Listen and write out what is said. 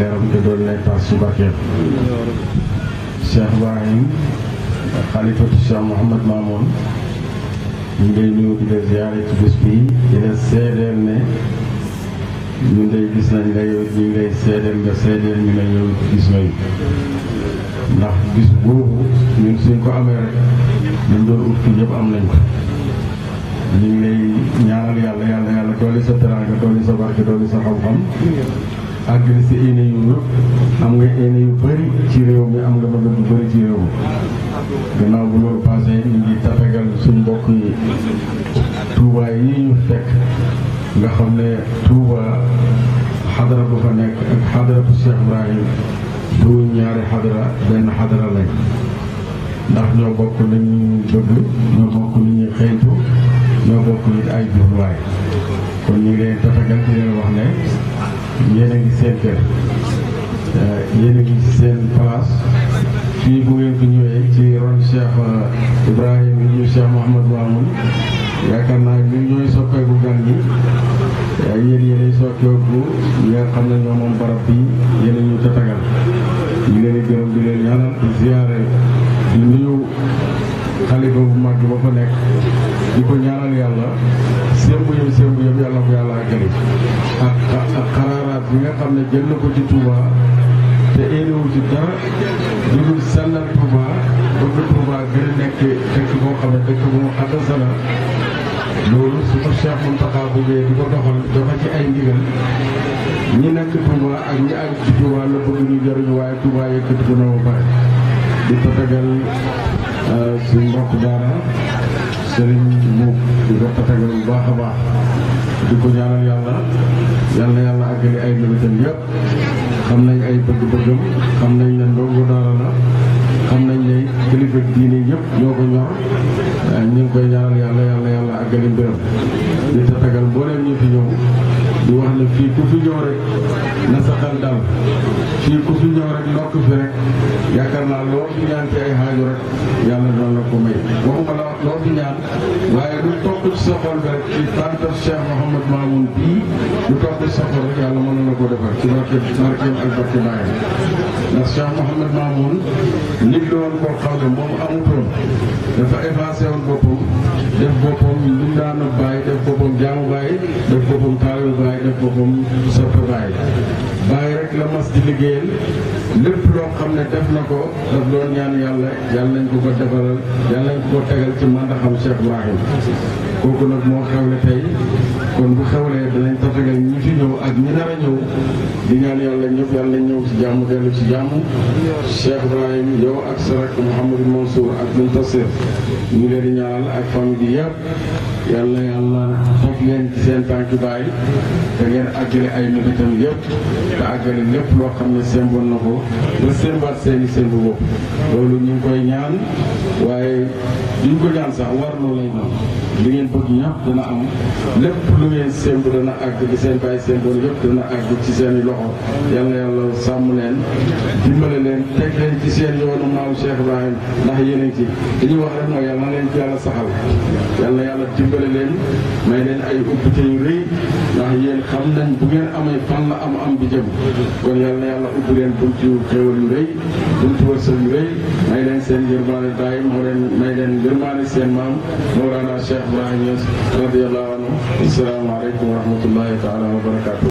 leeram te doon lay taas ci barkeem Cheikh Ibrahim xalifatu Cheikh Mouhamad Mamoun ñu ngay nuyu di la ziyaare ci bés bi di la seedeel ne ñu ngay gis nañ nga yow ñu ngay seedeel nga seedeel ñu ne yow gis nañ ndax gis boobu ñun suñ ko amee rek dañ doon ut ki yëpp am nañ ko ñu ngi lay ñaanal yàlla yàlla yàlla sa teraanga dooli sa barke dooli sa xam-xam ak gis si yu ñëpp am nga yéene yu bëri ci réew mi am nga bëgg bu bëri ci réew mi gannaaw bu loolu passé ñu ngi suñ mbokk yi Touba yi ñu fekk nga xam ne Touba xadara bu fa nekk ak xadara bu Cheikh Ibrahim du ñaari xadara benn xadara lañ ndax ñoo bokk li ñu ñoo bokk li ñuy xëytu ñoo bokk li ay jubluwaay kon ñu ngi leen ci leen wax ne yéen a ngi seen kër euh, yéen a ngi seen place fii bu ngeen fi ñëwee ci ron Cheikh euh, Ibrahima ñu Cheikh Mouhamad Mamoun yaakaar naa ñun ñooy sokkee bu gan bi euh, yéen yéenay sokkee bu ñi xam ne ñoo moom barab bi yéen a ñu tatagal ñu leen di gërëm di leen ñaanal di ziare di nuyu xalifa bu mag ba fa nekk di ko ñaanal yàlla sémb yëpp sémb yëpp yàlla ko yàlla àggali ak xaraaraat bi nga xam ne jël na ko ci Touba te éenewu ci dara lu dul sellal Touba bëgg Touba gën a nekk dëkk boo xam ne dëkk bu mu xaddasa loolu su ko Cheikh Mountakha buggee di ko doxal dafa ci ay ndigal ñi nekk Touba ak ñi àgg ci Touba la bëgg ñu jëriñu waaye Touba yëkkati ko na ba pare di tatagal suñ mbokk daara sëriñ mu di ko patagal bu baax a baax di ko ñaanal yàlla yàlla yàlla àggali ay mébétam yëpp xam nañ ay bëgg-bëggam xam nañ ne ndongo daara la xam nañ ne kilifa diine yëpp ñoo ko ñor ñu ngi koy ñaanal yàlla yàlla yàlla àggali mbiram di tatagal mbooleem ñu fi ñëw di wax ne fii ku fi ñëw rek na sa xel dal fii ku fi ñëw rek ndokk fi rek yaakaar naa loo fi ñaan ci ay xaaju rek yàlla doon la ko may waxuma la waaye lu topp ci sa xol bi ta ci tànta Cheikh Mouhamad Mamoun bii lu topp ci sa xol rek yàlla mën na la ko defal ci barke barkeem ak barke baayam ndax Cheikh Mouhamad Mamoun nit la woon koo xam ne moom amutoon dafa effacé woon boppam def boppam li daana bàyyi def boppam jaamu bàyyi def boppam taalibe bàyyi def boppam soppe di liggéeyal loo xam ne def na ko daf doon ñaan yàlla yàlla nañ ko ko defalal yàlla nañ ko ko tegal ci màndaxam Cheikh Ibrahim kooku nag moo xew tey kon bu xewlee danañ tafegal ñi fi ñëw ak ñi nar a ñëw di ñaan yàlla ñëpp yàlla nañ ñëw ci jàmm dellu ci jàmm Cheikh Ibrahim yow ak Sarak Mouhamadou Mansour ak ñun Tafsir ñu ngi leen di ñaanal ak famille bi yëpp yàlla yàlla fekk leen ci seen tànki baay te ngeen àggale ay mébétam yëpp te àggale lépp loo xam ne semboon na ko ba sembaat seen i seen bu bopp loolu ñu ngi koy ñaan waaye li ñu ko ñaan sax war na lay doon li ngeen bëgg ñëpp dana am lépp lu ngeen sémbu dana àgg ci seen bàyyi sémbu yëpp dana àgg ci seen i loxo yal na yàlla ci seen yoonu maam Cheikh Ibrahim ndax yéen a ngi ci li ñu wax rek mooy yal na leen ci yàlla saxal yal na yàlla dimbale leen may leen ay ubbite yu rëy ndax yéen xam nañ bu ngeen amee fan la am am bi jëm kon yal na yàlla ubbi leen buntu xéwal yu rëy buntu wërsëg yu rëy may leen seen yërmaale daay moo leen may leen yërmaane seen maam Mawlana Cheikh Ibrahima Niass radiyallahu anhu asalaamaaleykum wa rahmatullahi taala wa barakaatu